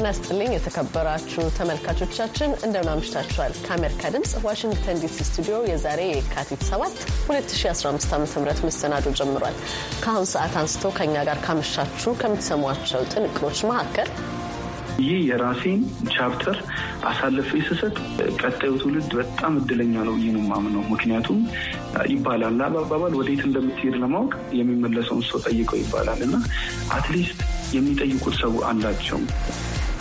ጤና ስጥልኝ የተከበራችሁ ተመልካቾቻችን እንደምን አምሽታችኋል። ከአሜሪካ ድምፅ ዋሽንግተን ዲሲ ስቱዲዮ የዛሬ የካቲት 7 2015 ዓ ም መሰናዶ ጀምሯል። ከአሁን ሰዓት አንስቶ ከእኛ ጋር ካመሻችሁ ከምትሰሟቸው ጥንቅሮች መካከል ይህ የራሴን ቻፕተር አሳልፌ ስሰጥ ቀጣዩ ትውልድ በጣም እድለኛ ነው ብዬ ነው የማምነው። ምክንያቱም ይባላል አባባል ወዴት እንደምትሄድ ለማወቅ የሚመለሰውን ሰው ጠይቀው ይባላል እና አትሊስት የሚጠይቁት ሰው አላቸው።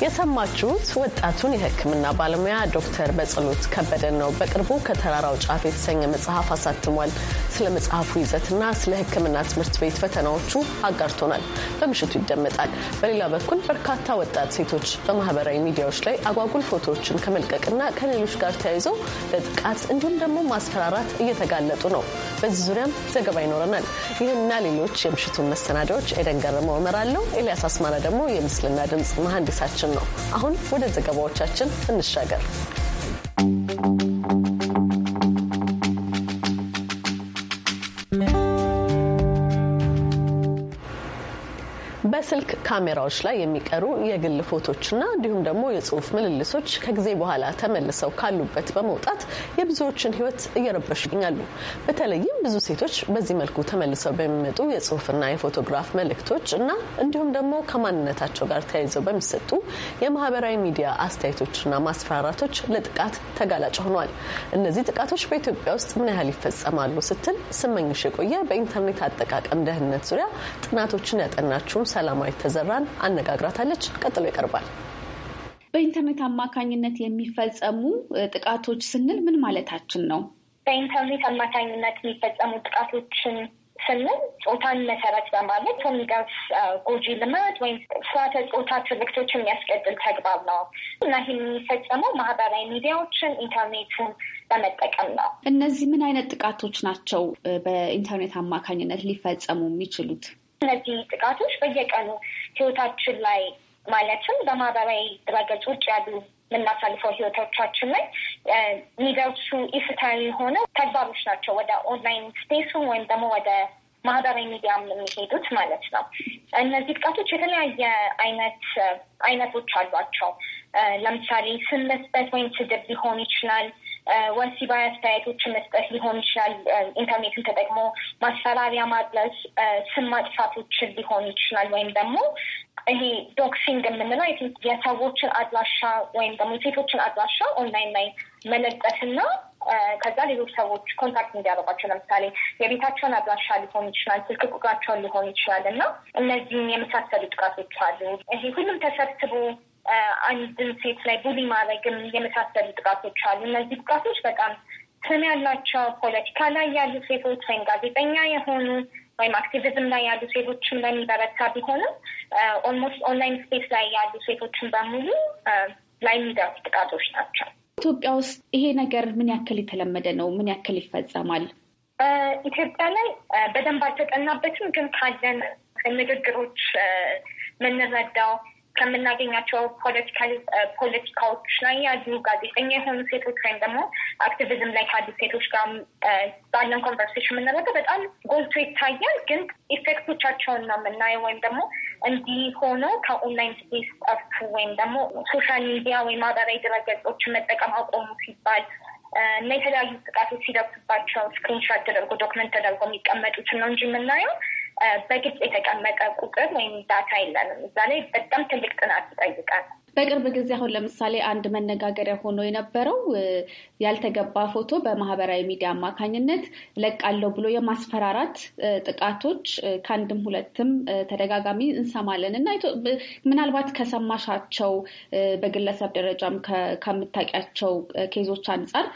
የሰማችሁት ወጣቱን የሕክምና ባለሙያ ዶክተር በጸሎት ከበደን ነው። በቅርቡ ከተራራው ጫፍ የተሰኘ መጽሐፍ አሳትሟል። ስለ መጽሐፉ ይዘትና ስለ ሕክምና ትምህርት ቤት ፈተናዎቹ አጋርቶናል። በምሽቱ ይደመጣል። በሌላ በኩል በርካታ ወጣት ሴቶች በማህበራዊ ሚዲያዎች ላይ አጓጉል ፎቶዎችን ከመልቀቅና ከሌሎች ጋር ተያይዘው ለጥቃት እንዲሁም ደግሞ ማስፈራራት እየተጋለጡ ነው። በዚህ ዙሪያም ዘገባ ይኖረናል። ይህና ሌሎች የምሽቱን መሰናዳዎች ኤደን ገረመው እመራለሁ። ኤልያስ አስማራ ደግሞ የምስልና ድምፅ መሀንዲሳችን። ነው። አሁን ወደ ዘገባዎቻችን እንሻገር። በስልክ ካሜራዎች ላይ የሚቀሩ የግል ፎቶችና እንዲሁም ደግሞ የጽሁፍ ምልልሶች ከጊዜ በኋላ ተመልሰው ካሉበት በመውጣት የብዙዎችን ህይወት እየረበሹ ይገኛሉ። በተለይም ብዙ ሴቶች በዚህ መልኩ ተመልሰው በሚመጡ የጽሁፍና የፎቶግራፍ መልእክቶች እና እንዲሁም ደግሞ ከማንነታቸው ጋር ተያይዘው በሚሰጡ የማህበራዊ ሚዲያ አስተያየቶችና ማስፈራራቶች ለጥቃት ተጋላጭ ሆኗል። እነዚህ ጥቃቶች በኢትዮጵያ ውስጥ ምን ያህል ይፈጸማሉ ስትል ስመኝሽ የቆየ በኢንተርኔት አጠቃቀም ደህንነት ዙሪያ ጥናቶችን ያጠናችውን ሰላም ሰላማዊት ተዘራን አነጋግራታለች። ቀጥሎ ይቀርባል። በኢንተርኔት አማካኝነት የሚፈጸሙ ጥቃቶች ስንል ምን ማለታችን ነው? በኢንተርኔት አማካኝነት የሚፈጸሙ ጥቃቶችን ስንል ጾታን መሰረት በማለት ከሚደርስ ጎጂ ልማድ ወይም ስርዓተ ጾታ ትርክቶች የሚያስቀጥል ተግባር ነው እና ይህ የሚፈጸመው ማህበራዊ ሚዲያዎችን፣ ኢንተርኔቱን በመጠቀም ነው። እነዚህ ምን አይነት ጥቃቶች ናቸው በኢንተርኔት አማካኝነት ሊፈጸሙ የሚችሉት? እነዚህ ጥቃቶች በየቀኑ ህይወታችን ላይ ማለትም በማህበራዊ ድረገጽ ውጭ ያሉ የምናሳልፈው ህይወቶቻችን ላይ የሚደርሱ ኢፍትሐዊ የሆነ ተግባሮች ናቸው። ወደ ኦንላይን ስፔሱ ወይም ደግሞ ወደ ማህበራዊ ሚዲያም የሚሄዱት ማለት ነው። እነዚህ ጥቃቶች የተለያየ አይነት አይነቶች አሏቸው። ለምሳሌ ስም መስጠት ወይም ስድብ ሊሆን ይችላል። ወሲባዊ አስተያየቶችን መስጠት ሊሆን ይችላል። ኢንተርኔትን ተጠቅሞ ማስፈራሪያ ማድረስ፣ ስም ማጥፋቶችን ሊሆን ይችላል። ወይም ደግሞ ይሄ ዶክሲንግ የምንለው የሰዎችን አድራሻ ወይም ደግሞ የሴቶችን አድራሻ ኦንላይን ላይ መለጠፍና ከዛ ሌሎች ሰዎች ኮንታክት እንዲያደርጓቸው ለምሳሌ የቤታቸውን አድራሻ ሊሆን ይችላል፣ ስልክ ቁጥራቸውን ሊሆን ይችላል እና እነዚህም የመሳሰሉ ጥቃቶች አሉ። ይሄ ሁሉም ተሰብስቦ አንድን ሴት ላይ ቡሊ ማድረግም የመሳሰሉ ጥቃቶች አሉ። እነዚህ ጥቃቶች በጣም ስም ያላቸው ፖለቲካ ላይ ያሉ ሴቶች ወይም ጋዜጠኛ የሆኑ ወይም አክቲቪዝም ላይ ያሉ ሴቶችን በሚበረታ ቢሆንም ኦልሞስት ኦንላይን ስፔስ ላይ ያሉ ሴቶችን በሙሉ ላይ የሚደርሱ ጥቃቶች ናቸው። ኢትዮጵያ ውስጥ ይሄ ነገር ምን ያክል የተለመደ ነው? ምን ያክል ይፈጸማል? ኢትዮጵያ ላይ በደንብ አልተጠናበትም፣ ግን ካለን ንግግሮች የምንረዳው ከምናገኛቸው ፖለቲካዎች ላይ ያሉ ጋዜጠኛ የሆኑ ሴቶች ወይም ደግሞ አክቲቪዝም ላይ ካሉ ሴቶች ጋር ባለን ኮንቨርሴሽን የምናደርገው በጣም ጎልቶ ይታያል። ግን ኢፌክቶቻቸውን ነው የምናየው ወይም ደግሞ እንዲህ ሆኖ ከኦንላይን ስፔስ ጠፉ ወይም ደግሞ ሶሻል ሚዲያ ወይም ማህበራዊ ድረገጾችን መጠቀም አቆሙ ሲባል እና የተለያዩ ጥቃቶች ሲደርሱባቸው ስክሪንሻት ተደርጎ ዶክመንት ተደርጎ የሚቀመጡትን ነው እንጂ የምናየው በግልጽ የተቀመጠ ቁጥር ወይም ዳታ የለንም። እዛ ላይ በጣም ትልቅ ጥናት ይጠይቃል። በቅርብ ጊዜ አሁን ለምሳሌ አንድ መነጋገሪያ ሆኖ የነበረው ያልተገባ ፎቶ በማህበራዊ ሚዲያ አማካኝነት ለቃለሁ ብሎ የማስፈራራት ጥቃቶች ከአንድም ሁለትም ተደጋጋሚ እንሰማለን እና ምናልባት ከሰማሻቸው በግለሰብ ደረጃም ከምታውቂያቸው ኬዞች አንጻር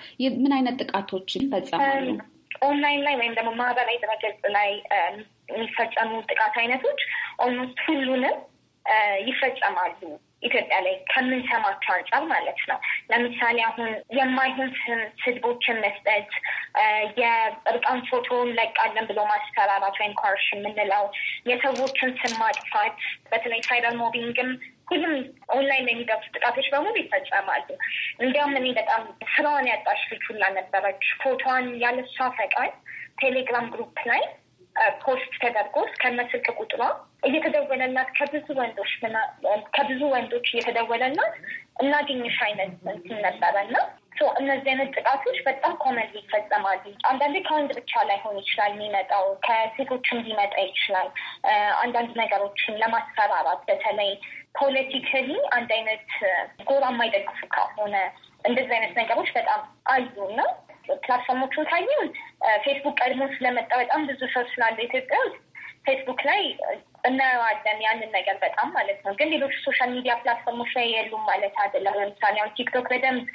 ምን አይነት ጥቃቶች ይፈጸማሉ? ኦንላይን ላይ ወይም ደግሞ ማህበራዊ ድረገጽ ላይ የሚፈጸሙ ጥቃት አይነቶች ኦልሞስት ሁሉንም ይፈጸማሉ። ኢትዮጵያ ላይ ከምንሰማቸው አንጻር ማለት ነው። ለምሳሌ አሁን የማይሆን ስም ስድቦችን መስጠት፣ የእርቃን ፎቶን ለቃለን ብሎ ማስፈራራት ወይም ኮርሽን የምንለው፣ የሰዎችን ስም ማጥፋት፣ በተለይ ሳይበር ሞቢንግም ሁሉም ኦንላይን የሚደርሱ ጥቃቶች በሙሉ ይፈጸማሉ። እንዲያውም እኔ በጣም ስራዋን ያጣች ልጅ ሁላ ነበረች። ፎቶዋን ያለሷ ፈቃድ ቴሌግራም ግሩፕ ላይ ፖስት ተደርጎ እስከነ ስልክ ቁጥሯ እየተደወለላት ከብዙ ወንዶች ከብዙ ወንዶች እየተደወለላት እናገኝሽ አይነት እንትን ነበረና እነዚህ አይነት ጥቃቶች በጣም ኮመን ይፈጸማሉ። አንዳንዴ ከወንድ ብቻ ላይሆን ይችላል የሚመጣው ከሴቶችም ሊመጣ ይችላል። አንዳንድ ነገሮችን ለማስፈራራት በተለይ ፖለቲካሊ አንድ አይነት uh, ጎራ የማይደግፉ ከሆነ እንደዚህ አይነት ነገሮች በጣም አዩ እና ፕላትፎርሞቹን ታይም uh, ፌስቡክ ቀድሞ ስለመጣ በጣም ብዙ ሰው ስላለ ኢትዮጵያ ውስጥ ፌስቡክ ላይ እናየዋለን ያንን ነገር በጣም ማለት ነው። ግን ሌሎች ሶሻል ሚዲያ ፕላትፎርሞች ላይ የሉም ማለት አይደለም። ለምሳሌ አሁን ቲክቶክ በደንብ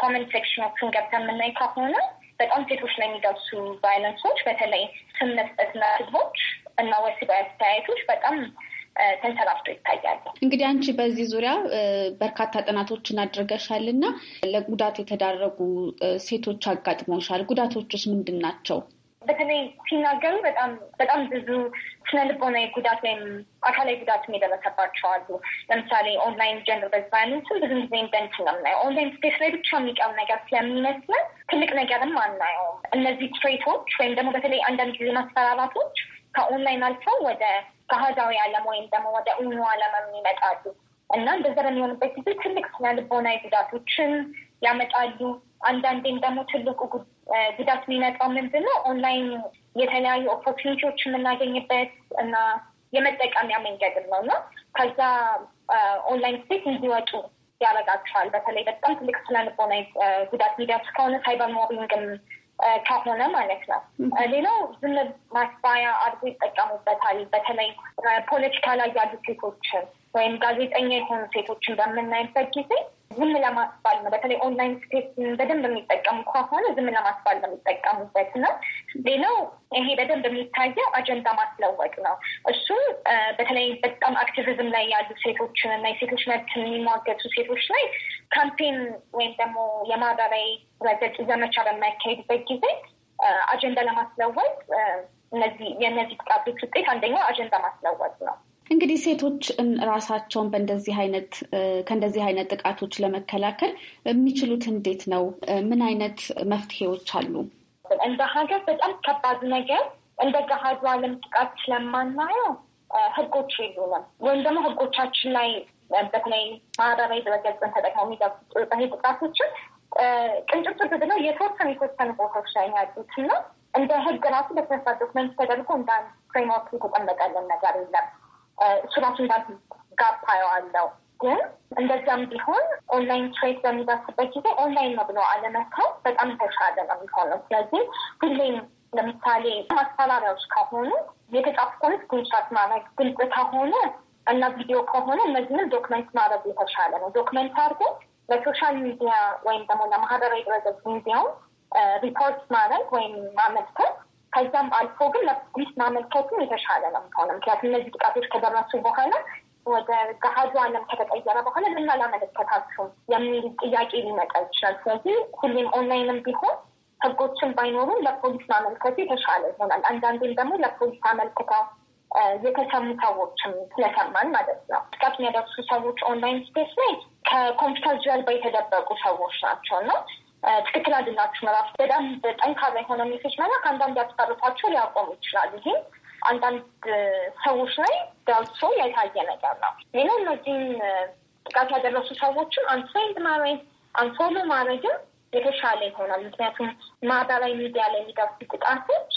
ኮመንት ሴክሽኖችን ገብተን የምናይ ከሆነ በጣም ሴቶች ላይ የሚደርሱ ቫይለንሶች፣ በተለይ ስም መስጠትና ስድቦች እና ወሲባዊ አስተያየቶች በጣም ተንሰራፍቶ ይታያሉ። እንግዲህ አንቺ በዚህ ዙሪያ በርካታ ጥናቶችን አድርገሻል እና ለጉዳት የተዳረጉ ሴቶች አጋጥመውሻል። ጉዳቶችስ ምንድን ናቸው? በተለይ ሲናገሩ በጣም በጣም ብዙ ስነ ልቦናዊ ጉዳት ወይም አካላዊ ጉዳትም የደረሰባቸው አሉ። ለምሳሌ ኦንላይን ጀንደር ቤዝድ ቫዮለንስን ብዙ ጊዜ እንደንት ነው የምናየው። ኦንላይን ስፔስ ላይ ብቻ የሚቀር ነገር ስለሚመስለን ትልቅ ነገርም አናየውም። እነዚህ ትሬቶች ወይም ደግሞ በተለይ አንዳንድ ጊዜ ማስፈራራቶች ከኦንላይን አልፈው ወደ ባህዳዊ ዓለም ወይም ደግሞ ወደ እኑ ዓለም ይመጣሉ እና እንደዛ በሚሆንበት ጊዜ ትልቅ ስነ ልቦናዊ ጉዳቶችን ያመጣሉ። አንዳንዴም ደግሞ ትልቁ ጉዳት የሚመጣው ምንድን ነው? ኦንላይን የተለያዩ ኦፖርቹኒቲዎች የምናገኝበት እና የመጠቀሚያ መንገድም ነው እና ከዛ ኦንላይን ስቴት እንዲወጡ ያረጋቸዋል። በተለይ በጣም ትልቅ ስነ ልቦናዊ ጉዳት ሚዲያ ከሆነ ሳይበር ሞቢንግም ከሆነ ማለት ነው። ሌላው ዝም ማስባያ አድርጎ ይጠቀሙበታል። በተለይ ፖለቲካ ላይ ያሉ ሴቶችን ወይም ጋዜጠኛ የሆኑ ሴቶችን በምናይበት ጊዜ ዝም ለማስባል ነው። በተለይ ኦንላይን ስፔስ በደንብ የሚጠቀሙ ከሆነ ዝም ለማስባል ነው የሚጠቀሙበት ነው። ሌላው ይሄ በደንብ የሚታየው አጀንዳ ማስለወጥ ነው። እሱም በተለይ በጣም አክቲቪዝም ላይ ያሉ ሴቶችን እና የሴቶች መብት የሚሟገቱ ሴቶች ላይ ካምፔን ወይም ደግሞ የማዳላይ ረገጽ ዘመቻ በሚያካሄድበት ጊዜ አጀንዳ ለማስለወጥ እነዚህ የእነዚህ ጥቃቶች ውጤት አንደኛው አጀንዳ ማስለወጥ ነው። እንግዲህ ሴቶች ራሳቸውን በእንደዚህ አይነት ከእንደዚህ አይነት ጥቃቶች ለመከላከል የሚችሉት እንዴት ነው? ምን አይነት መፍትሄዎች አሉ? እንደ ሀገር በጣም ከባድ ነገር እንደ ገሀዱ ዓለም ጥቃት ስለማናየው ህጎች የሉንም ወይም ደግሞ ህጎቻችን ላይ በተለይ ማህበራዊ ድረገጽን ተጠቅመው የሚገቡ ጥቃቶችን ቅንጭብ ትርግ ብለው የተወሰኑ የተወሰኑ ቦታዎች ላይ ያሉት እና እንደ ህግ ራሱ በተነሳ ዶክመንት ተደርጎ እንደ ፍሬምወርክ የተቀመጠልን ነገር የለም። እሱ ራሱ ጋፕ አየዋለሁ። ግን እንደዚያም ቢሆን ኦንላይን ትሬድ በሚደርስበት ጊዜ ኦንላይን ነው ብለው አለመተው በጣም ተሻለ ነው የሚሆነው። ስለዚህ ሁሌም ለምሳሌ ማስፈራሪያዎች ከሆኑ የተጻፉ ጉንጫት ማድረግ ግልጽ ከሆነ እና ቪዲዮ ከሆነ እነዚህንም ዶክመንት ማድረግ የተሻለ ነው። ዶክመንት አድርጎ ለሶሻል ሚዲያ ወይም ደግሞ ለማህበራዊ ድረገጽ ሚዲያው ሪፖርት ማድረግ ወይም ማመልከት ከዛም አልፎ ግን ለፖሊስ ማመልከቱም የተሻለ ነው ሆነ ምክንያቱም እነዚህ ጥቃቶች ከደረሱ በኋላ ወደ ገሃዱ ዓለም ከተቀየረ በኋላ ምን አላመለከታችሁም የሚል ጥያቄ ሊመጣ ይችላል። ስለዚህ ሁሌም ኦንላይንም ቢሆን ህጎችን ባይኖሩም ለፖሊስ ማመልከቱ የተሻለ ይሆናል። አንዳንዴም ደግሞ ለፖሊስ አመልክታ የተሰሙ ሰዎችም ስለሰማን ማለት ነው። ጥቃት የሚያደርሱ ሰዎች ኦንላይን ስፔስ ላይ ከኮምፒውተር ጀርባ የተደበቁ ሰዎች ናቸው ነው ትክክል አይደላችሁ መራፍ በጣም ጠንካራ የሆነ ሜሴጅ መላክ አንዳንድ ያስታርፏቸው ሊያቆሙ ይችላል። ይህም አንዳንድ ሰዎች ላይ ዳብሶ የታየ ነገር ነው። ሌላው እነዚህም ጥቃት ያደረሱ ሰዎችን አንሳይንድ ማድረግ አንሶሎ ማድረግም የተሻለ ይሆናል። ምክንያቱም ማህበራዊ ሚዲያ ላይ የሚደርሱ ጥቃቶች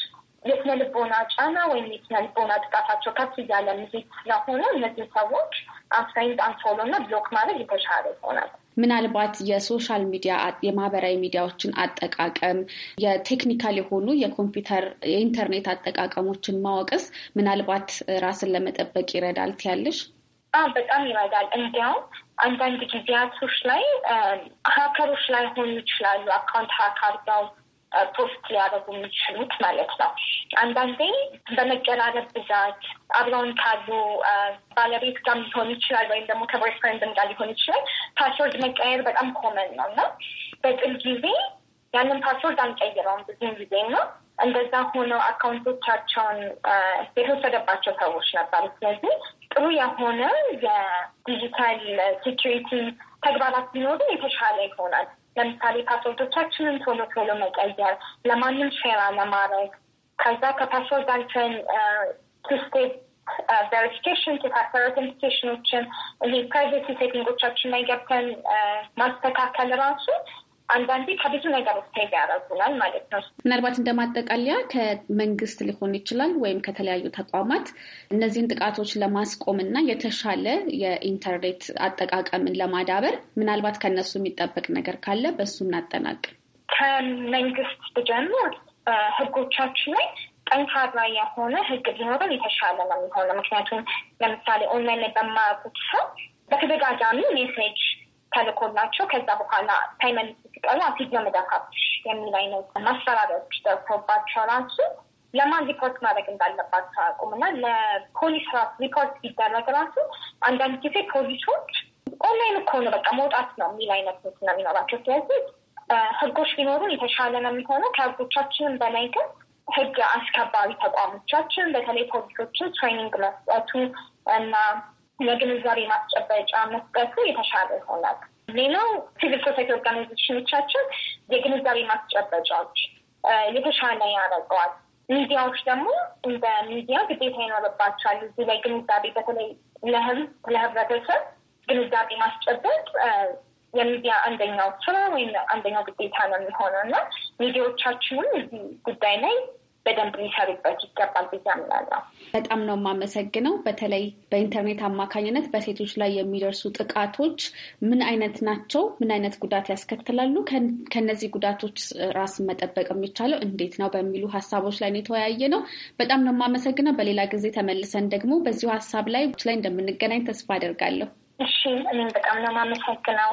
የስነ ልቦና ጫና ወይም የስነ ልቦና ጥቃታቸው ከፍ እያለ ምዜት ስለሆነ እነዚህ ሰዎች አንሳይንድ አንሶሎ እና ብሎክ ማድረግ የተሻለ ይሆናል። ምናልባት የሶሻል ሚዲያ የማህበራዊ ሚዲያዎችን አጠቃቀም የቴክኒካል የሆኑ የኮምፒውተር የኢንተርኔት አጠቃቀሞችን ማወቅስ ምናልባት ራስን ለመጠበቅ ይረዳል ትያለሽ? በጣም ይረዳል። እንዲያውም አንዳንድ ጊዜያቶች ላይ ሀከሮች ላይ ሆኑ ይችላሉ አካውንት ሀክ አድርገው ፖስት ሊያደርጉ የሚችሉት ማለት ነው። አንዳንዴ በመቀራረብ ብዛት አብረውን ካሉ ባለቤት ጋር ሊሆን ይችላል፣ ወይም ደግሞ ከቦይፍሬንድም ጋር ሊሆን ይችላል። ፓስወርድ መቀየር በጣም ኮመን ነው እና በጥል ጊዜ ያንን ፓስወርድ አንቀይረውም ብዙን ጊዜ ነው። እንደዛ ሆነው አካውንቶቻቸውን የተወሰደባቸው ሰዎች ነበሩ። ስለዚህ ጥሩ የሆነ የዲጂታል ሴኪሪቲ ተግባራት ቢኖሩ የተሻለ ይሆናል። ለምሳሌ ፓስወርዶቻችንን ቶሎ ቶሎ መቀየር፣ ለማንም ሼር አለማድረግ፣ ከዛ ከፓስወርዳችን ቱስቴፕ ቬሪፊኬሽን ቱፋክተር ኦተንቲኬሽኖችን ይሄ ፕራይቬሲ ሴቲንጎቻችን ላይ ገብተን ማስተካከል ራሱ አንዳንዴ ከብዙ ነገሮች ተይዘ ያረጉናል ማለት ነው። ምናልባት እንደማጠቃለያ ከመንግስት ሊሆን ይችላል ወይም ከተለያዩ ተቋማት እነዚህን ጥቃቶች ለማስቆም እና የተሻለ የኢንተርኔት አጠቃቀምን ለማዳበር ምናልባት ከነሱ የሚጠበቅ ነገር ካለ በእሱ እናጠናቅ። ከመንግስት ብጀምር ህጎቻችን ላይ ጠንካራ የሆነ ህግ ቢኖረን የተሻለ ነው የሚሆነው። ምክንያቱም ለምሳሌ ኦንላይን ላይ በማያውቁት ሰው በተደጋጋሚ ሜሴጅ ተልኮላቸው ከዛ በኋላ ሳይመልሱ ሲቀሉ አዲስ ለመዳካት የሚል አይነት ማስፈራሪያዎች ደርሶባቸው ራሱ ለማን ሪፖርት ማድረግ እንዳለባቸው አቁም እና ለፖሊስ ራሱ ሪፖርት ቢደረግ ራሱ አንዳንድ ጊዜ ፖሊሶች ኦንላይን እኮ ነው በቃ መውጣት ነው የሚል አይነት ነው የሚኖራቸው። ስለዚህ ህጎች ቢኖሩን የተሻለ ነው የሚሆነው። ከህጎቻችንም በላይ ግን ህግ አስከባሪ ተቋሞቻችን በተለይ ፖሊሶችን ትሬኒንግ መስጠቱ እና የግንዛቤ ማስጨበጫ መስጠቱ የተሻለ ይሆናል። ሌላው ሲቪል ሶሳይቲ ኦርጋናይዜሽኖቻችን የግንዛቤ ማስጨበጫዎች የተሻለ ያደርገዋል። ሚዲያዎች ደግሞ እንደ ሚዲያ ግዴታ ይኖርባቸዋል። እዚህ ላይ ግንዛቤ በተለይ ለህዝብ ለህብረተሰብ ግንዛቤ ማስጨበጥ የሚዲያ አንደኛው ስራ ወይም አንደኛው ግዴታ ነው የሚሆነው እና ሚዲያዎቻችንም እዚህ ጉዳይ ላይ በደንብ ሊሰሩበት ይገባል ብዬ አምናለሁ። በጣም ነው የማመሰግነው። በተለይ በኢንተርኔት አማካኝነት በሴቶች ላይ የሚደርሱ ጥቃቶች ምን አይነት ናቸው? ምን አይነት ጉዳት ያስከትላሉ? ከነዚህ ጉዳቶች ራስን መጠበቅ የሚቻለው እንዴት ነው? በሚሉ ሀሳቦች ላይ የተወያየ ነው። በጣም ነው የማመሰግነው። በሌላ ጊዜ ተመልሰን ደግሞ በዚሁ ሀሳብ ላይ ላይ እንደምንገናኝ ተስፋ አደርጋለሁ። እሺ፣ እኔም በጣም ነው የማመሰግነው።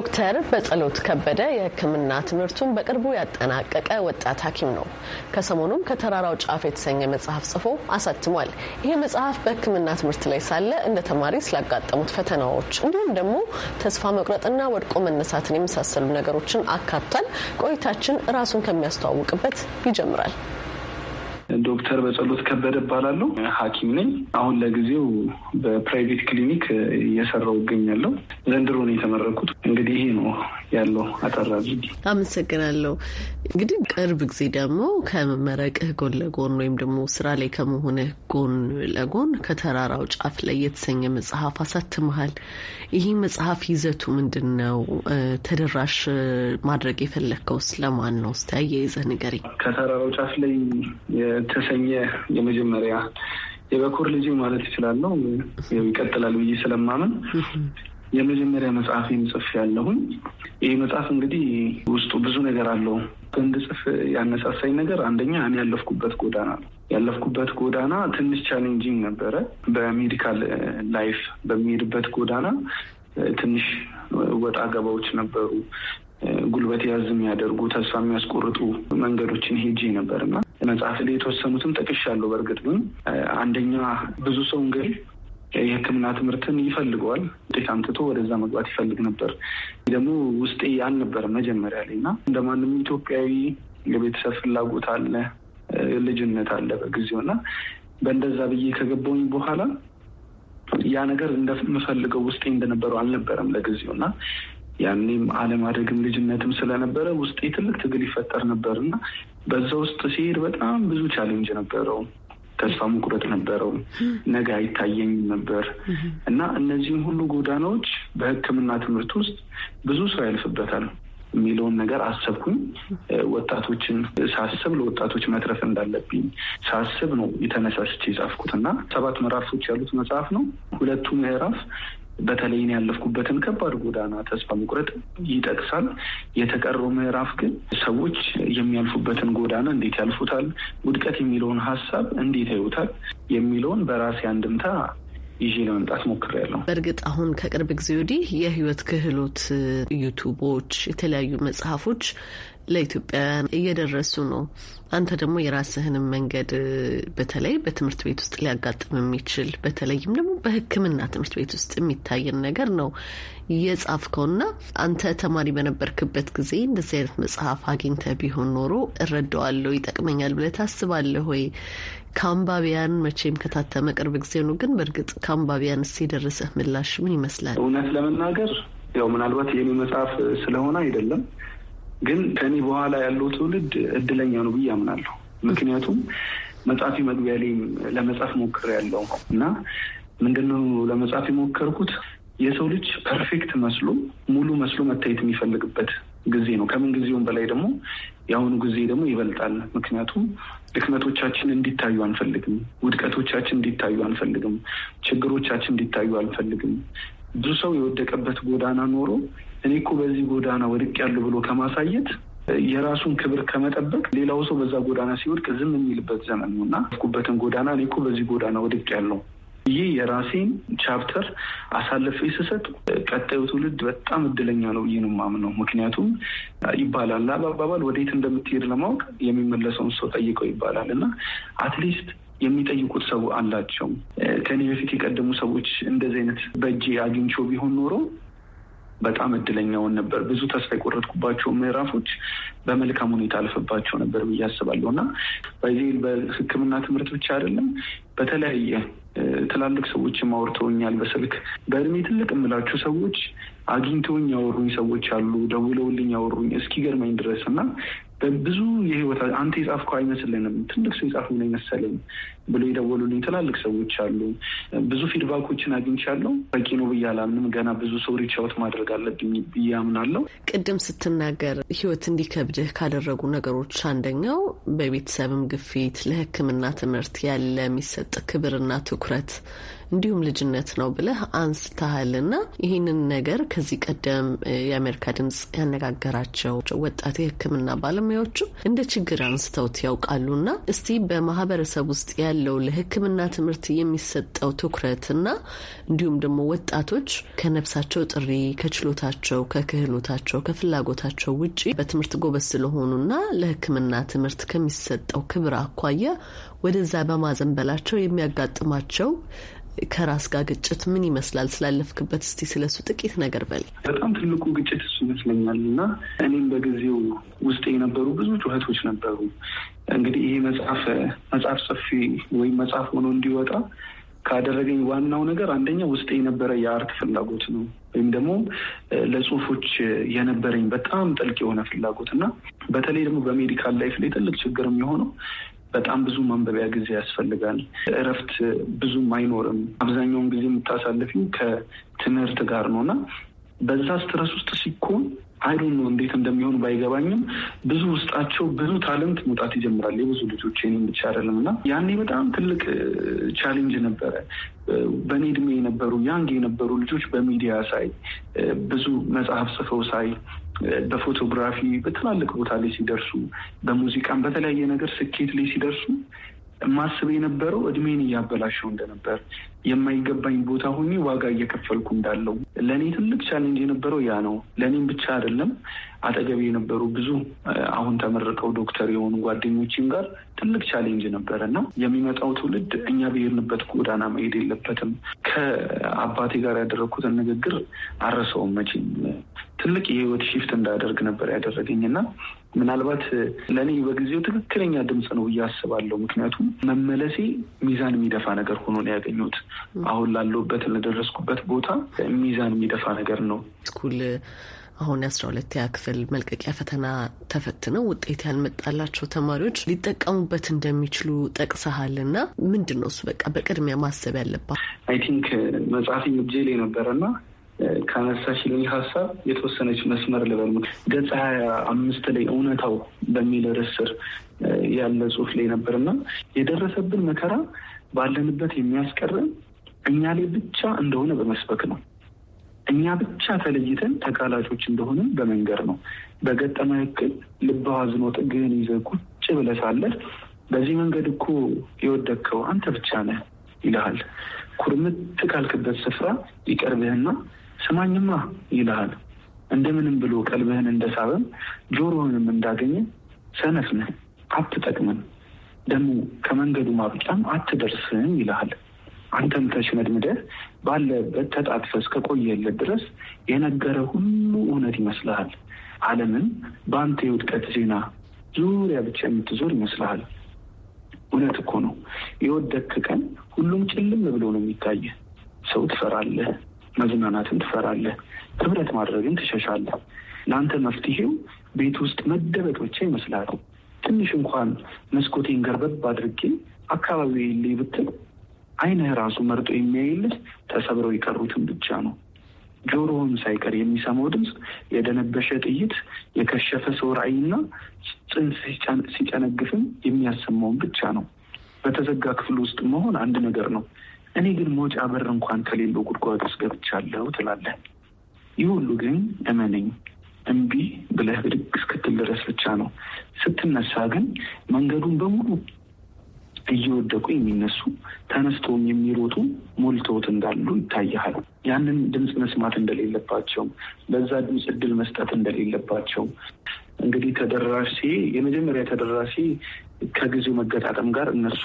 ዶክተር በጸሎት ከበደ የሕክምና ትምህርቱን በቅርቡ ያጠናቀቀ ወጣት ሐኪም ነው። ከሰሞኑም ከተራራው ጫፍ የተሰኘ መጽሐፍ ጽፎ አሳትሟል። ይህ መጽሐፍ በሕክምና ትምህርት ላይ ሳለ እንደ ተማሪ ስላጋጠሙት ፈተናዎች እንዲሁም ደግሞ ተስፋ መቁረጥና ወድቆ መነሳትን የመሳሰሉ ነገሮችን አካቷል። ቆይታችን ራሱን ከሚያስተዋውቅበት ይጀምራል። ዶክተር በጸሎት ከበደ እባላለሁ። ሐኪም ነኝ። አሁን ለጊዜው በፕራይቬት ክሊኒክ እየሰራው እገኛለሁ። ዘንድሮ ነው የተመረኩት። እንግዲህ ይሄ ነው ያለው። አጠራ አመሰግናለሁ። እንግዲህ ቅርብ ጊዜ ደግሞ ከመመረቅህ ጎን ለጎን ወይም ደግሞ ስራ ላይ ከመሆንህ ጎን ለጎን ከተራራው ጫፍ ላይ የተሰኘ መጽሐፍ አሳትመሃል። ይህ መጽሐፍ ይዘቱ ምንድን ነው? ተደራሽ ማድረግ የፈለግከው ስለማን ነው? እስቲ አያይዘህ ንገረኝ። ከተራራው ጫፍ ላይ የተሰኘ የመጀመሪያ የበኩር ልጅ ማለት ይችላለሁ ይቀጥላል ብዬ ስለማምን የመጀመሪያ መጽሐፍ የምጽፍ ያለሁኝ ይህ መጽሐፍ እንግዲህ ውስጡ ብዙ ነገር አለው። እንድጽፍ ያነሳሳኝ ነገር አንደኛ እኔ ያለፍኩበት ጎዳና ነው። ያለፍኩበት ጎዳና ትንሽ ቻሌንጂንግ ነበረ። በሜዲካል ላይፍ በሚሄድበት ጎዳና ትንሽ ወጣ ገባዎች ነበሩ። ጉልበት ያዝ የሚያደርጉ ተስፋ የሚያስቆርጡ መንገዶችን ሄጄ ነበር እና መጽሐፍ ላይ የተወሰኑትም ጠቅሻለሁ። በእርግጥ ግን አንደኛ ብዙ ሰው እንግዲህ የሕክምና ትምህርትን ይፈልገዋል። ውጤት አምጥቶ ወደዛ መግባት ይፈልግ ነበር። ደግሞ ውስጤ አልነበረም መጀመሪያ ላይ እና ማንም ኢትዮጵያዊ የቤተሰብ ፍላጎት አለ፣ ልጅነት አለ በጊዜው እና በእንደዛ ብዬ ከገባኝ በኋላ ያ ነገር እንደምፈልገው ውስጤ እንደነበረው አልነበረም ለጊዜው እና ያኔም አለማደግም ልጅነትም ስለነበረ ውስጤ ትልቅ ትግል ይፈጠር ነበር እና በዛ ውስጥ ሲሄድ በጣም ብዙ ቻሌንጅ ነበረው። ተስፋ መቁረጥ ነበረው፣ ነገ አይታየኝም ነበር እና እነዚህም ሁሉ ጎዳናዎች በሕክምና ትምህርት ውስጥ ብዙ ሰው ያልፍበታል የሚለውን ነገር አሰብኩኝ። ወጣቶችን ሳስብ ለወጣቶች መትረፍ እንዳለብኝ ሳስብ ነው የተነሳስቼ የጻፍኩት እና ሰባት ምዕራፎች ያሉት መጽሐፍ ነው። ሁለቱ ምዕራፍ በተለይ ያለፍኩበትን ከባድ ጎዳና ተስፋ መቁረጥ ይጠቅሳል። የተቀረው ምዕራፍ ግን ሰዎች የሚያልፉበትን ጎዳና እንዴት ያልፉታል፣ ውድቀት የሚለውን ሀሳብ እንዴት ያዩታል የሚለውን በራሴ አንድምታ ይዤ ለመምጣት ሞክሬያለሁ። በእርግጥ አሁን ከቅርብ ጊዜ ወዲህ የህይወት ክህሎት ዩቱቦች፣ የተለያዩ መጽሐፎች ለኢትዮጵያውያን እየደረሱ ነው። አንተ ደግሞ የራስህንም መንገድ በተለይ በትምህርት ቤት ውስጥ ሊያጋጥም የሚችል በተለይም ደግሞ በሕክምና ትምህርት ቤት ውስጥ የሚታየን ነገር ነው የጻፍከውና አንተ ተማሪ በነበርክበት ጊዜ እንደዚህ አይነት መጽሐፍ አግኝተ ቢሆን ኖሮ እረዳዋለሁ፣ ይጠቅመኛል ብለህ ታስባለህ ወይ? ከአንባቢያን መቼም ከታተመ ቅርብ ጊዜ ነው፣ ግን በእርግጥ ከአንባቢያን ከአንባቢያንስ የደረሰህ ምላሽ ምን ይመስላል? እውነት ለመናገር ያው ምናልባት የኔ መጽሐፍ ስለሆነ አይደለም ግን ከኔ በኋላ ያለው ትውልድ እድለኛ ነው ብዬ አምናለሁ። ምክንያቱም መጽሐፊ መግቢያ ላይ ለመጻፍ ያለው እና ምንድነው ለመጻፍ የሞከርኩት የሰው ልጅ ፐርፌክት መስሎ ሙሉ መስሎ መታየት የሚፈልግበት ጊዜ ነው። ከምን ጊዜውም በላይ ደግሞ የአሁኑ ጊዜ ደግሞ ይበልጣል። ምክንያቱም ድክመቶቻችን እንዲታዩ አንፈልግም፣ ውድቀቶቻችን እንዲታዩ አንፈልግም፣ ችግሮቻችን እንዲታዩ አንፈልግም። ብዙ ሰው የወደቀበት ጎዳና ኖሮ እኔ እኮ በዚህ ጎዳና ወድቅ ያሉ ብሎ ከማሳየት የራሱን ክብር ከመጠበቅ ሌላው ሰው በዛ ጎዳና ሲወድቅ ዝም የሚልበት ዘመን ነው እና ኩበትን ጎዳና እኔ እኮ በዚህ ጎዳና ወድቅ ያለው ይህ የራሴን ቻፕተር አሳልፌ ስሰጥ ቀጣዩ ትውልድ በጣም እድለኛ ነው ብዬ ነው የማምነው። ምክንያቱም ይባላል አባባል ወዴት እንደምትሄድ ለማወቅ የሚመለሰውን ሰው ጠይቀው ይባላል እና አትሊስት የሚጠይቁት ሰው አላቸው። ከኔ በፊት የቀደሙ ሰዎች እንደዚህ አይነት በእጄ አግኝቼው ቢሆን ኖሮ በጣም እድለኛውን ነበር። ብዙ ተስፋ የቆረጥኩባቸው ምዕራፎች በመልካም ሁኔታ አልፈባቸው ነበር ብዬ አስባለሁ እና በዚህ በሕክምና ትምህርት ብቻ አይደለም በተለያየ ትላልቅ ሰዎችም አውርተውኛል በስልክ በእድሜ ትልቅ የምላችሁ ሰዎች አግኝተውኝ ያወሩኝ ሰዎች አሉ። ደውለውልኝ ያወሩኝ እስኪገርመኝ ድረስ እና በብዙ የህይወት አንተ የጻፍከው አይመስልንም ትልቅ ሰው የጻፍ ምን የመሰለኝ ብሎ የደወሉልኝ ትላልቅ ሰዎች አሉ። ብዙ ፊድባኮችን አግኝቻለሁ። በቂ ነው ብዬ አላምንም። ገና ብዙ ሰው ሪቻውት ማድረግ አለብኝ ብዬ አምናለሁ። ቅድም ስትናገር ህይወት እንዲከብድህ ካደረጉ ነገሮች አንደኛው በቤተሰብም ግፊት ለህክምና ትምህርት ያለ የሚሰጥ ክብርና ትኩረት ትኩረት እንዲሁም ልጅነት ነው ብለህ አንስተሃልና ይህንን ነገር ከዚህ ቀደም የአሜሪካ ድምጽ ያነጋገራቸው ወጣት የሕክምና ባለሙያዎቹ እንደ ችግር አንስተውት ያውቃሉና እስቲ በማህበረሰብ ውስጥ ያለው ለሕክምና ትምህርት የሚሰጠው ትኩረትና እንዲሁም ደግሞ ወጣቶች ከነፍሳቸው ጥሪ ከችሎታቸው ከክህሎታቸው ከፍላጎታቸው ውጪ በትምህርት ጎበዝ ስለሆኑና ለሕክምና ትምህርት ከሚሰጠው ክብር አኳያ ወደዛ በማዘንበላቸው የሚያጋጥማቸው ከራስ ጋር ግጭት ምን ይመስላል? ስላለፍክበት እስቲ ስለሱ ጥቂት ነገር በል። በጣም ትልቁ ግጭት እሱ ይመስለኛል እና እኔም በጊዜው ውስጥ የነበሩ ብዙ ጩኸቶች ነበሩ። እንግዲህ ይሄ መጽሐፍ መጽሐፍ ሰፊ ወይም መጽሐፍ ሆኖ እንዲወጣ ካደረገኝ ዋናው ነገር አንደኛ ውስጥ የነበረ የአርት ፍላጎት ነው ወይም ደግሞ ለጽሁፎች የነበረኝ በጣም ጥልቅ የሆነ ፍላጎት እና በተለይ ደግሞ በሜዲካል ላይፍ ላይ ትልቅ ችግር የሚሆነው በጣም ብዙ ማንበቢያ ጊዜ ያስፈልጋል። እረፍት ብዙም አይኖርም። አብዛኛውን ጊዜ የምታሳልፊው ከትምህርት ጋር ነው እና በዛ ስትረስ ውስጥ ሲኮን አይዶን ነው እንዴት እንደሚሆን ባይገባኝም ብዙ ውስጣቸው ብዙ ታለንት መውጣት ይጀምራል። የብዙ ልጆች የኔን ብቻ አይደለም እና ያኔ በጣም ትልቅ ቻሌንጅ ነበረ። በእኔ እድሜ የነበሩ ያንግ የነበሩ ልጆች በሚዲያ ሳይ፣ ብዙ መጽሐፍ ጽፈው ሳይ፣ በፎቶግራፊ በትላልቅ ቦታ ላይ ሲደርሱ፣ በሙዚቃም በተለያየ ነገር ስኬት ላይ ሲደርሱ ማስብ የነበረው እድሜን እያበላሸው እንደነበር የማይገባኝ ቦታ ሆኜ ዋጋ እየከፈልኩ እንዳለው ለእኔ ትልቅ ቻሌንጅ የነበረው ያ ነው። ለእኔም ብቻ አይደለም አጠገቤ የነበሩ ብዙ አሁን ተመርቀው ዶክተር የሆኑ ጓደኞችም ጋር ትልቅ ቻሌንጅ ነበረ እና የሚመጣው ትውልድ እኛ ብሄርንበት ጎዳና መሄድ የለበትም። ከአባቴ ጋር ያደረግኩትን ንግግር አረሰውም መቼም ትልቅ የህይወት ሺፍት እንዳደርግ ነበር ያደረገኝ እና ምናልባት ለእኔ በጊዜው ትክክለኛ ድምፅ ነው ብዬ አስባለሁ። ምክንያቱም መመለሴ ሚዛን የሚደፋ ነገር ሆኖ ነው ያገኙት አሁን ላለሁበት ለደረስኩበት ቦታ ሚዛን የሚደፋ ነገር ነው። ስኩል አሁን የአስራ ሁለተኛ ክፍል መልቀቂያ ፈተና ተፈትነው ውጤት ያልመጣላቸው ተማሪዎች ሊጠቀሙበት እንደሚችሉ ጠቅሰሃል እና ምንድን ነው እሱ በቃ በቅድሚያ ማሰብ ያለባት አይ ቲንክ መጽሐፍ እጄ ላይ ነበረና ካነሳሽልኝ ሀሳብ የተወሰነች መስመር ልበል ገጽ ሀያ አምስት ላይ እውነታው በሚል ርዕስ ስር ያለ ጽሁፍ ላይ ነበርና የደረሰብን መከራ ባለንበት የሚያስቀርን እኛ ላይ ብቻ እንደሆነ በመስበክ ነው። እኛ ብቻ ተለይተን ተጋላጮች እንደሆነ በመንገር ነው። በገጠመ እክል ልብህ አዝኖ ጥግህን ይዘ ቁጭ ብለህ ሳለህ በዚህ መንገድ እኮ የወደግከው አንተ ብቻ ነህ ይልሃል። ኩርምት ካልክበት ስፍራ ይቀርብህና ስማኝማ ይልሃል። እንደምንም ብሎ ቀልብህን እንደሳበም ጆሮህንም እንዳገኘ ሰነፍ ነህ፣ አትጠቅምም፣ ደግሞ ከመንገዱ ማብቂያም አትደርስም ይልሃል። አንተም ተሽመድምደህ ባለበት ተጣጥፈህ እስከቆየለት ድረስ የነገረ ሁሉ እውነት ይመስልሃል። ዓለምን በአንተ የውድቀት ዜና ዙሪያ ብቻ የምትዞር ይመስልሃል። እውነት እኮ ነው። የወደቅክ ቀን ሁሉም ጭልም ብሎ ነው የሚታየህ። ሰው ትፈራለህ፣ መዝናናትን ትፈራለህ። ህብረት ማድረግን ትሸሻለህ። ለአንተ መፍትሄው ቤት ውስጥ መደበቅ ብቻ ይመስላል። ትንሽ እንኳን መስኮቴን ገርበብ አድርጌ አካባቢ ላይ ብትል ዓይንህ ራሱ መርጦ የሚያይልህ ተሰብረው የቀሩትን ብቻ ነው። ጆሮውን ሳይቀር የሚሰማው ድምፅ የደነበሸ ጥይት፣ የከሸፈ ሰው ራዕይና ጽንስ ሲጨነግፍም የሚያሰማውን ብቻ ነው። በተዘጋ ክፍል ውስጥ መሆን አንድ ነገር ነው። እኔ ግን መውጫ በር እንኳን ከሌለው ጉድጓድ ውስጥ ገብቻለሁ ትላለህ። ይህ ሁሉ ግን እመነኝ እምቢ ብለህ ብድግ እስክትል ድረስ ብቻ ነው። ስትነሳ ግን መንገዱን በሙሉ እየወደቁ የሚነሱ ተነስተውም የሚሮጡ ሞልተውት እንዳሉ ይታይሃል። ያንን ድምፅ መስማት እንደሌለባቸው፣ ለዛ ድምፅ እድል መስጠት እንደሌለባቸው እንግዲህ ተደራሴ የመጀመሪያ ተደራሴ ከጊዜው መገጣጠም ጋር እነሱ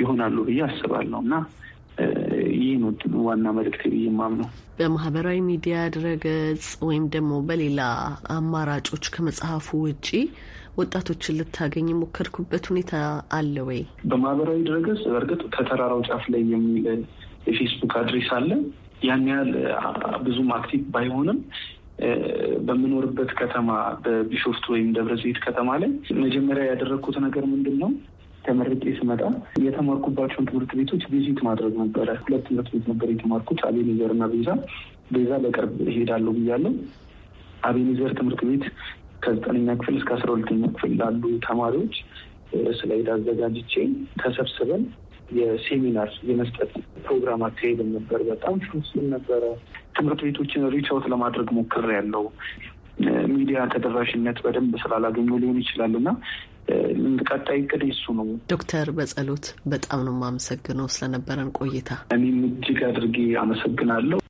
ይሆናሉ ብዬ አስባለሁ እና ይህ ነው ዋና መልእክት ብዬ ማምነው። በማህበራዊ ሚዲያ ድረገጽ ወይም ደግሞ በሌላ አማራጮች ከመጽሐፉ ውጪ ወጣቶችን ልታገኝ የሞከርኩበት ሁኔታ አለ ወይ? በማህበራዊ ድረገጽ በእርግጥ ከተራራው ጫፍ ላይ የሚል የፌስቡክ አድሬስ አለ። ያን ያህል ብዙም አክቲቭ ባይሆንም በምኖርበት ከተማ በቢሾፍት ወይም ደብረዘይት ከተማ ላይ መጀመሪያ ያደረግኩት ነገር ምንድን ነው ተመርቄ ስመጣ የተማርኩባቸውን ትምህርት ቤቶች ቪዚት ማድረግ ነበረ። ሁለት ትምህርት ቤት ነበር የተማርኩት፣ አቤኒዘር እና ቤዛ። ቤዛ በቅርብ እሄዳለሁ ብያለሁ። አቤኒዘር ትምህርት ቤት ከዘጠነኛ ክፍል እስከ አስራ ሁለተኛ ክፍል ላሉ ተማሪዎች ስላይድ አዘጋጅቼ ተሰብስበን የሴሚናር የመስጠት ፕሮግራም አካሄድን ነበር። በጣም ሹስም ነበረ። ትምህርት ቤቶችን ሪች አውት ለማድረግ ያለው ሚዲያ ተደራሽነት በደንብ ስላላገኘው ሊሆን ይችላል እና ቀጣይ እቅድ እሱ ነው። ዶክተር በጸሎት በጣም ነው የማመሰግነው ስለነበረን ቆይታ። እኔም እጅግ አድርጌ አመሰግናለሁ።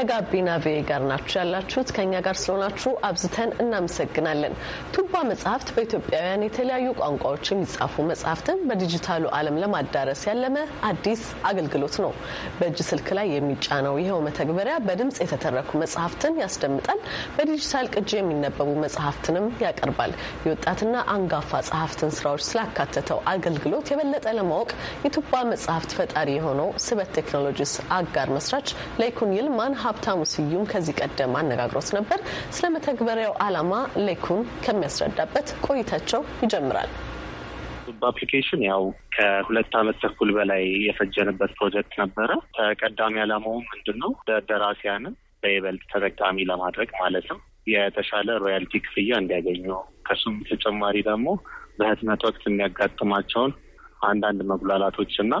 ከጋቢና ቪኦኤ ጋር ናችሁ ያላችሁት። ከእኛ ጋር ስለሆናችሁ አብዝተን እናመሰግናለን። ቋንቋ መጽሐፍት በኢትዮጵያውያን የተለያዩ ቋንቋዎች የሚጻፉ መጽሐፍትን በዲጂታሉ ዓለም ለማዳረስ ያለመ አዲስ አገልግሎት ነው። በእጅ ስልክ ላይ የሚጫነው ይኸው መተግበሪያ በድምፅ የተተረኩ መጽሐፍትን ያስደምጣል። በዲጂታል ቅጂ የሚነበቡ መጽሐፍትንም ያቀርባል። የወጣትና አንጋፋ ጸሐፍትን ስራዎች ስላካተተው አገልግሎት የበለጠ ለማወቅ የቱባ መጽሐፍት ፈጣሪ የሆነው ስበት ቴክኖሎጂስ አጋር መስራች ለይኩን ይልማን ሀብታሙ ስዩም ከዚህ ቀደም አነጋግሮት ነበር። ስለ መተግበሪያው ዓላማ ለይኩን ከሚያስረ የምንረዳበት ቆይታቸው ይጀምራል። በአፕሊኬሽን ያው ከሁለት ዓመት ተኩል በላይ የፈጀንበት ፕሮጀክት ነበረ። ተቀዳሚ ዓላማው ምንድን ነው? ደራሲያንን በይበልጥ ተጠቃሚ ለማድረግ ማለትም የተሻለ ሮያልቲ ክፍያ እንዲያገኙ፣ ከሱም ተጨማሪ ደግሞ በህትመት ወቅት የሚያጋጥማቸውን አንዳንድ መጉላላቶች እና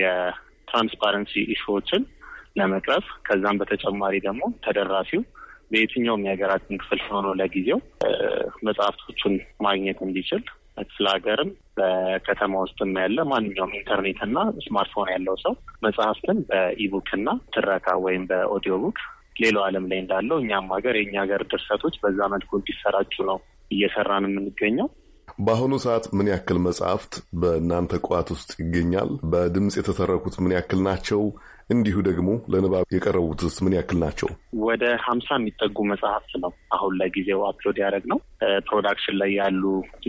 የትራንስፓረንሲ ኢሹዎችን ለመቅረፍ ከዛም በተጨማሪ ደግሞ ተደራሲው በየትኛውም የሀገራችን ክፍል ሆኖ ለጊዜው መጽሐፍቶቹን ማግኘት እንዲችል ስለ ሀገርም በከተማ ውስጥም ያለ ማንኛውም ኢንተርኔትና ስማርትፎን ያለው ሰው መጽሐፍትን በኢቡክና ትረካ ወይም በኦዲዮ ቡክ ሌላው ዓለም ላይ እንዳለው እኛም ሀገር የእኛ ሀገር ድርሰቶች በዛ መልኩ እንዲሰራጩ ነው እየሰራን የምንገኘው። በአሁኑ ሰዓት ምን ያክል መጽሐፍት በእናንተ ቋት ውስጥ ይገኛል? በድምፅ የተተረኩት ምን ያክል ናቸው? እንዲሁ ደግሞ ለንባብ የቀረቡትስ ምን ያክል ናቸው? ወደ ሀምሳ የሚጠጉ መጽሐፍት ነው አሁን ለጊዜው አፕሎድ ያደረግ ነው። ፕሮዳክሽን ላይ ያሉ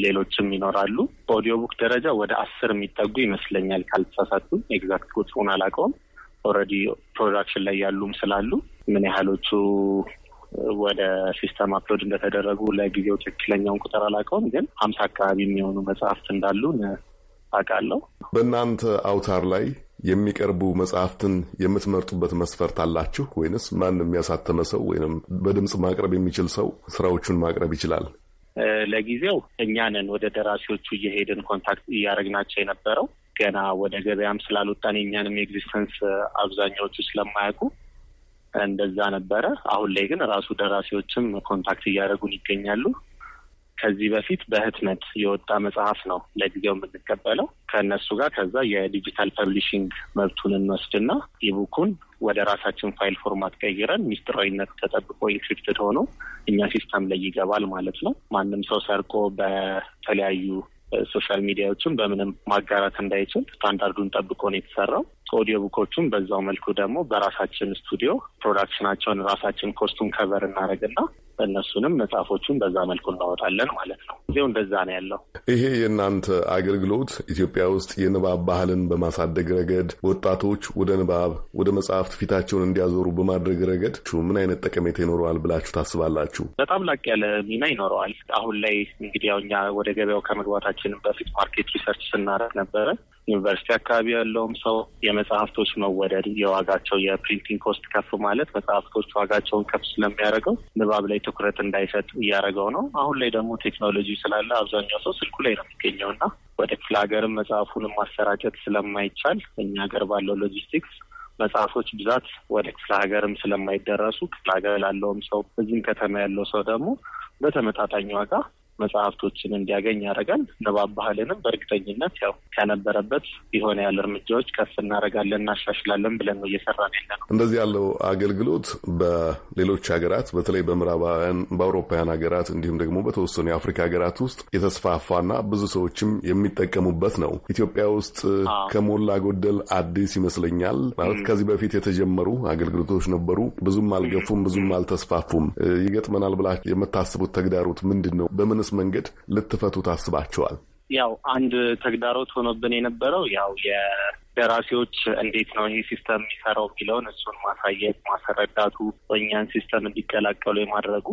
ሌሎችም ይኖራሉ። በኦዲዮ ቡክ ደረጃ ወደ አስር የሚጠጉ ይመስለኛል ካልተሳሳቱ፣ ኤግዛክት ቁጥሩን አላውቀውም። ኦልሬዲ ፕሮዳክሽን ላይ ያሉም ስላሉ ምን ያህሎቹ ወደ ሲስተም አፕሎድ እንደተደረጉ ለጊዜው ትክክለኛውን ቁጥር አላውቀውም፣ ግን ሀምሳ አካባቢ የሚሆኑ መጽሐፍት እንዳሉ አውቃለሁ። በእናንተ አውታር ላይ የሚቀርቡ መጽሐፍትን የምትመርጡበት መስፈርት አላችሁ ወይንስ ማንም ያሳተመ ሰው ወይም በድምፅ ማቅረብ የሚችል ሰው ስራዎቹን ማቅረብ ይችላል? ለጊዜው እኛንን ወደ ደራሲዎቹ እየሄድን ኮንታክት እያደረግናቸው የነበረው ገና ወደ ገበያም ስላልወጣን የእኛንም ኤግዚስተንስ አብዛኛዎቹ ስለማያውቁ እንደዛ ነበረ። አሁን ላይ ግን ራሱ ደራሲዎችም ኮንታክት እያደረጉን ይገኛሉ። ከዚህ በፊት በህትመት የወጣ መጽሐፍ ነው ለጊዜው የምንቀበለው ከእነሱ ጋር። ከዛ የዲጂታል ፐብሊሽንግ መብቱን እንወስድና ኢቡኩን ወደ ራሳችን ፋይል ፎርማት ቀይረን ሚስጥራዊነት ተጠብቆ ኢንክሪፕትድ ሆኖ እኛ ሲስተም ላይ ይገባል ማለት ነው። ማንም ሰው ሰርቆ በተለያዩ ሶሻል ሚዲያዎችን በምንም ማጋራት እንዳይችል ስታንዳርዱን ጠብቆ ነው የተሰራው። ኦዲዮ ቡኮቹን በዛው መልኩ ደግሞ በራሳችን ስቱዲዮ ፕሮዳክሽናቸውን ራሳችን ኮስቱም ከቨር እናደርግና እነሱንም መጽሐፎቹን በዛ መልኩ እናወጣለን ማለት ነው። ጊዜው እንደዛ ነው ያለው። ይሄ የእናንተ አገልግሎት ኢትዮጵያ ውስጥ የንባብ ባህልን በማሳደግ ረገድ፣ ወጣቶች ወደ ንባብ ወደ መጽሐፍት ፊታቸውን እንዲያዞሩ በማድረግ ረገድ ምን አይነት ጠቀሜታ ይኖረዋል ብላችሁ ታስባላችሁ? በጣም ላቅ ያለ ሚና ይኖረዋል። አሁን ላይ እንግዲህ ያው እኛ ወደ ገበያው ከመግባታችንም በፊት ማርኬት ሪሰርች ስናረግ ነበረ። ዩኒቨርሲቲ አካባቢ ያለውም ሰው የመጽሐፍቶች መወደድ፣ የዋጋቸው የፕሪንቲንግ ኮስት ከፍ ማለት መጽሐፍቶች ዋጋቸውን ከፍ ስለሚያደርገው ንባብ ላይ ትኩረት እንዳይሰጥ እያደረገው ነው። አሁን ላይ ደግሞ ቴክኖሎጂ ስላለ አብዛኛው ሰው ስልኩ ላይ ነው የሚገኘው እና ወደ ክፍለ ሀገርም መጽሐፉንም ማሰራጨት ስለማይቻል እኛ ሀገር ባለው ሎጂስቲክስ መጽሐፎች ብዛት ወደ ክፍለ ሀገርም ስለማይደረሱ ክፍለ ሀገር ላለውም ሰው እዚህም ከተማ ያለው ሰው ደግሞ በተመጣጣኝ ዋጋ መጽሐፍቶችን እንዲያገኝ ያደርጋል። ንባብ ባህልንም በእርግጠኝነት ያው ከነበረበት የሆነ ያለ እርምጃዎች ከፍ እናደርጋለን እናሻሽላለን ብለን ነው እየሰራ ያለ ነው። እንደዚህ ያለው አገልግሎት በሌሎች ሀገራት በተለይ በምዕራባውያን በአውሮፓውያን ሀገራት እንዲሁም ደግሞ በተወሰኑ የአፍሪካ ሀገራት ውስጥ የተስፋፋና ብዙ ሰዎችም የሚጠቀሙበት ነው። ኢትዮጵያ ውስጥ ከሞላ ጎደል አዲስ ይመስለኛል። ማለት ከዚህ በፊት የተጀመሩ አገልግሎቶች ነበሩ፣ ብዙም አልገፉም፣ ብዙም አልተስፋፉም። ይገጥመናል ብላ የምታስቡት ተግዳሮት ምንድን ነው? በምን በምንስ መንገድ ልትፈቱ ታስባችኋል? ያው አንድ ተግዳሮት ሆኖብን የነበረው ያው ደራሲዎች እንዴት ነው ይህ ሲስተም የሚሰራው የሚለውን እሱን ማሳየት ማስረዳቱ፣ በእኛን ሲስተም እንዲቀላቀሉ የማድረጉ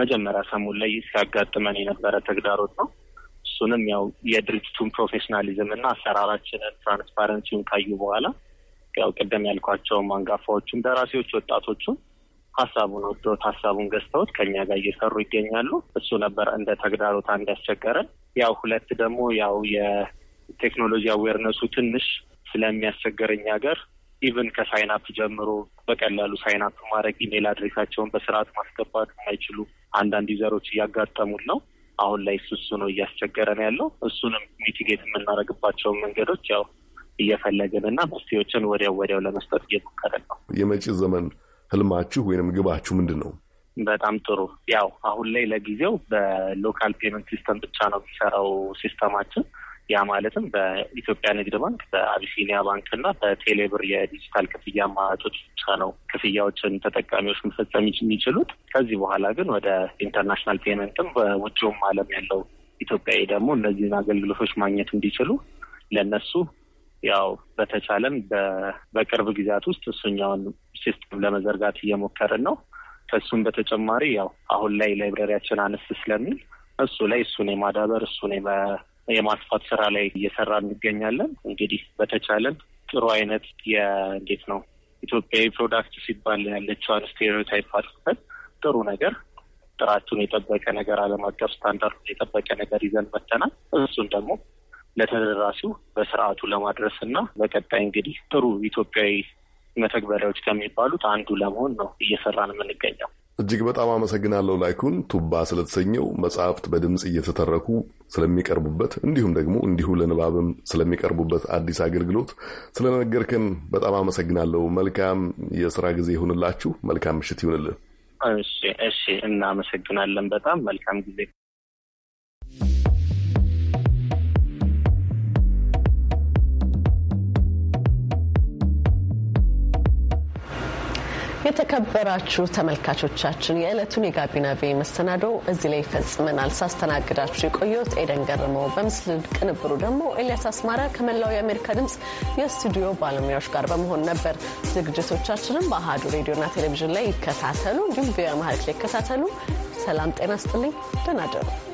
መጀመሪያ ሰሙ ላይ ሲያጋጥመን የነበረ ተግዳሮት ነው። እሱንም ያው የድርጅቱን ፕሮፌሽናሊዝም እና አሰራራችንን ትራንስፓረንሲውን ካዩ በኋላ ያው ቅደም ያልኳቸውም አንጋፋዎቹም ደራሲዎች ወጣቶቹም ሀሳቡን ወስዶት ሀሳቡን ገዝተውት ከኛ ጋር እየሰሩ ይገኛሉ። እሱ ነበር እንደ ተግዳሮት አንድ ያስቸገረን። ያው ሁለት ደግሞ ያው የቴክኖሎጂ አዌርነሱ ትንሽ ስለሚያስቸገረኝ ሀገር ኢቨን ከሳይናፕ ጀምሮ በቀላሉ ሳይናፕ ማድረግ ኢሜል አድሬሳቸውን በስርዓት ማስገባት የማይችሉ አንዳንድ ዩዘሮች እያጋጠሙን ነው። አሁን ላይ እሱ እሱ ነው እያስቸገረን ያለው። እሱንም ሚቲጌት የምናደርግባቸውን መንገዶች ያው እየፈለግን እና መፍትሄዎችን ወዲያው ወዲያው ለመስጠት እየሞከረን ነው። የመጪ ዘመን ህልማችሁ ወይንም ግባችሁ ምንድን ነው? በጣም ጥሩ። ያው አሁን ላይ ለጊዜው በሎካል ፔመንት ሲስተም ብቻ ነው የሚሰራው ሲስተማችን። ያ ማለትም በኢትዮጵያ ንግድ ባንክ፣ በአቢሲኒያ ባንክ እና በቴሌብር የዲጂታል ክፍያ አማራጮች ብቻ ነው ክፍያዎችን ተጠቃሚዎች መፈጸም የሚችሉት። ከዚህ በኋላ ግን ወደ ኢንተርናሽናል ፔመንትም በውጭውም ዓለም ያለው ኢትዮጵያዊ ደግሞ እነዚህን አገልግሎቶች ማግኘት እንዲችሉ ለእነሱ ያው በተቻለም በቅርብ ጊዜያት ውስጥ እሱኛውን ሲስተም ለመዘርጋት እየሞከርን ነው። ከእሱም በተጨማሪ ያው አሁን ላይ ላይብረሪያችን አነስ ስለሚል እሱ ላይ እሱን የማዳበር እሱን የማስፋት ስራ ላይ እየሰራ እንገኛለን። እንግዲህ በተቻለን ጥሩ አይነት የእንዴት ነው ኢትዮጵያዊ ፕሮዳክት ሲባል ያለችዋን ስቴሪዮታይፕ አድርገን ጥሩ ነገር ጥራቱን የጠበቀ ነገር ዓለም አቀፍ ስታንዳርዱን የጠበቀ ነገር ይዘን መተናል። እሱን ደግሞ ለተደራሲው በስርዓቱ ለማድረስ እና በቀጣይ እንግዲህ ጥሩ ኢትዮጵያዊ መተግበሪያዎች ከሚባሉት አንዱ ለመሆን ነው እየሰራን የምንገኘው። እጅግ በጣም አመሰግናለሁ። ላይኩን ቱባ ስለተሰኘው መጽሐፍት በድምፅ እየተተረኩ ስለሚቀርቡበት እንዲሁም ደግሞ እንዲሁ ለንባብም ስለሚቀርቡበት አዲስ አገልግሎት ስለነገርከን በጣም አመሰግናለሁ። መልካም የስራ ጊዜ ይሁንላችሁ። መልካም ምሽት ይሁንልን። እሺ፣ እሺ። እናመሰግናለን። በጣም መልካም ጊዜ የተከበራችሁ ተመልካቾቻችን የዕለቱን የጋቢና ቤ መሰናዶ እዚህ ላይ ይፈጽመናል። ሳስተናግዳችሁ የቆየሁት ኤደን ገርመው፣ በምስል ቅንብሩ ደግሞ ኤልያስ አስማረ ከመላው የአሜሪካ ድምፅ የስቱዲዮ ባለሙያዎች ጋር በመሆን ነበር። ዝግጅቶቻችንም በአህዱ ሬዲዮና ቴሌቪዥን ላይ ይከታተሉ፣ እንዲሁም ቪኦኤ አማርኛ ላይ ይከታተሉ። ሰላም ጤና ስጥልኝ። ደህና